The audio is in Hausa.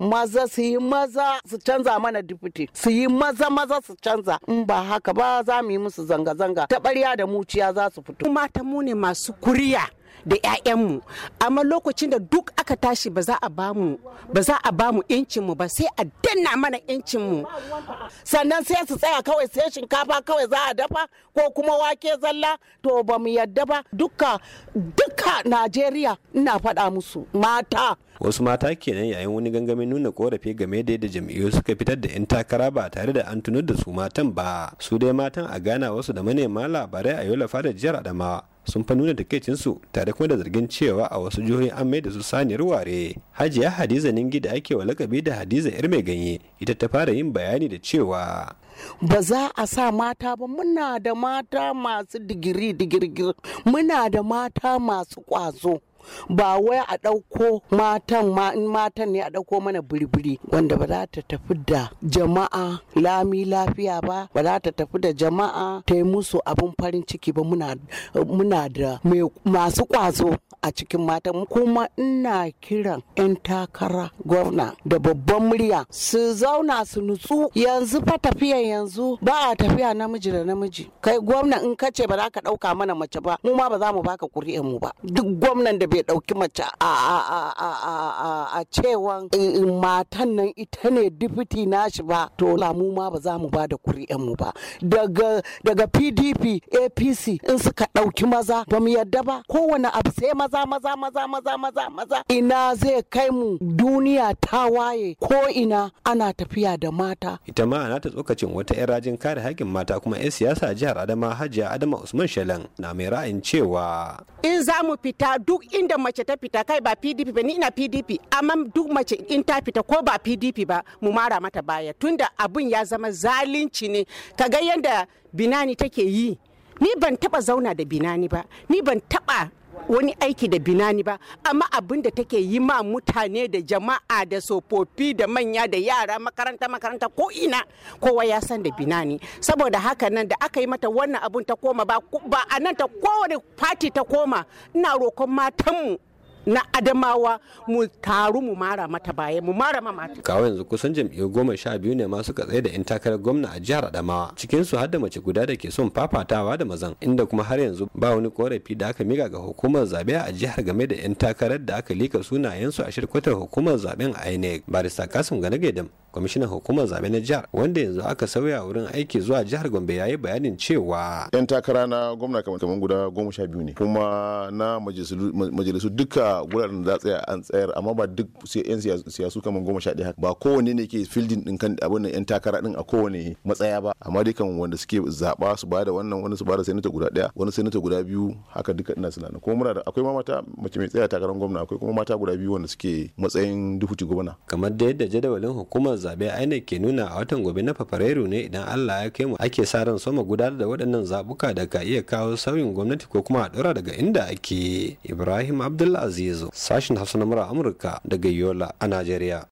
maza su yi maza su canza mana dipiti su yi maza maza su canza in ba haka ba za mu yi musu zanga-zanga ta ɓarya da muciya za su fito mata mu ne masu kuriya da 'ya'yanmu amma lokacin da duk aka tashi ba za a bamu ba mu a mu ba sai a danna mana mu sannan sai su tsaya kawai sai shinkafa kawai za a dafa ko kuma wake zalla to ba mu yadda ba duka duka najeriya ina faɗa musu mata wasu mata kenan yayin wani gangamin nuna korafi game da yadda jam'iyyu suka fitar da 'yan takara ba tare da an tunar da su matan ba su dai matan a gana wasu da manema labarai a yola da jihar adamawa sun fa nuna takaicinsu tare kuma da zargin cewa a wasu jihohin an mai da su saniyar ware hajiya hadiza ningi da ake wa lakabi da hadiza yar mai ganye ita ta fara yin bayani da cewa ba za a sa mata ba muna da mata masu digiri digirgir muna da mata masu kwazo ba wai a ɗauko matan ma in matan ne a ɗauko mana birbiri wanda ba za ta tafi da jama'a lami lafiya ba ba za ta tafi da jama'a ta yi musu abin farin ciki ba muna da masu kwazo a cikin matan kuma ina kiran 'yan takara gwamna da babban murya su zauna su nutsu yanzu fa tafiya yanzu ba a tafiya namiji da namiji kai gwamna in ka ce ba za ka ɗauka mana mace ba mu ma ba za mu baka ƙuri'in mu ba duk gwamnan da bai ɗauki mace a a a a cewan eh, eh, matan nan ita ne difiti nashi ba to lamu ma ba za mu ba da mu ba daga daga PDP APC in suka ɗauki maza ba mu yadda ba kowane abu sai maza maza maza maza maza maza maza ina zai kai mu duniya ta waye ko ina ana tafiya da mata ita ma ana ta tsokacin wata yan rajin kare haƙƙin mata kuma yan siyasa a jihar Adama Hajiya Adama Usman Shalan na mai ra'ayin cewa in za mu fita duk inda mace ta fita kai ba PDP ba ni ina PDP amma duk mace in ta fita ko ba PDP ba mu mara mata baya tunda abun ya zama zalunci ne ka ga yadda binani take yi ni ban taba zauna da binani ba ni ban taba wani aiki da binani ba amma abin da take yi ma mutane da jama'a da tsofaffi da manya da yara makaranta makaranta ko ina kowa ya san da binani saboda haka nan da aka yi mata wannan abun ta koma ba a nan ta kowane fati ta koma ina roƙon matanmu na adamawa mu taru mu mara mata baya mu mara ma mata kawo yanzu kusan jam'iyyu goma sha biyu ne ma suka tsaye da yan takarar gwamna a jihar adamawa cikin su har da mace guda da ke son fafatawa da mazan inda kuma har yanzu ba wani korafi da aka mika ga hukumar zabe a jihar game da yan takarar da aka lika sunayensu a shirkwatar hukumar zaben inec barista kasim gane gaidam kwamishinan hukumar zabe na jihar wanda yanzu aka sauya wurin aiki zuwa jihar gombe ya yi bayanin cewa yan takara na gwamna kamar guda goma sha biyu ne kuma na majalisu duka guraren da tsaya an tsayar amma ba duk yan siyasu kamar goma sha ɗaya ba kowane ne ke fildin din kan abin yan takara din a kowane matsaya ba amma dukan wanda suke zaba su ba da wannan wani su ba da sanata guda ɗaya wani sanata guda biyu haka duka ina suna kuma muna da akwai ma mata mace mai tsaya takarar gwamna akwai kuma mata guda biyu wanda suke matsayin dukuti gwamna kamar da yadda jadawalin hukumar zaɓe INEC ke nuna a watan gobe na fafareru ne idan Allah ya kai mu ake sa ran soma gudanar da waɗannan zaɓuka da ka iya kawo sauyin gwamnati ko kuma a ɗora daga inda ake. Ibrahim Abdulaziz, sashin Hausa na Amurka daga Yola a Najeriya.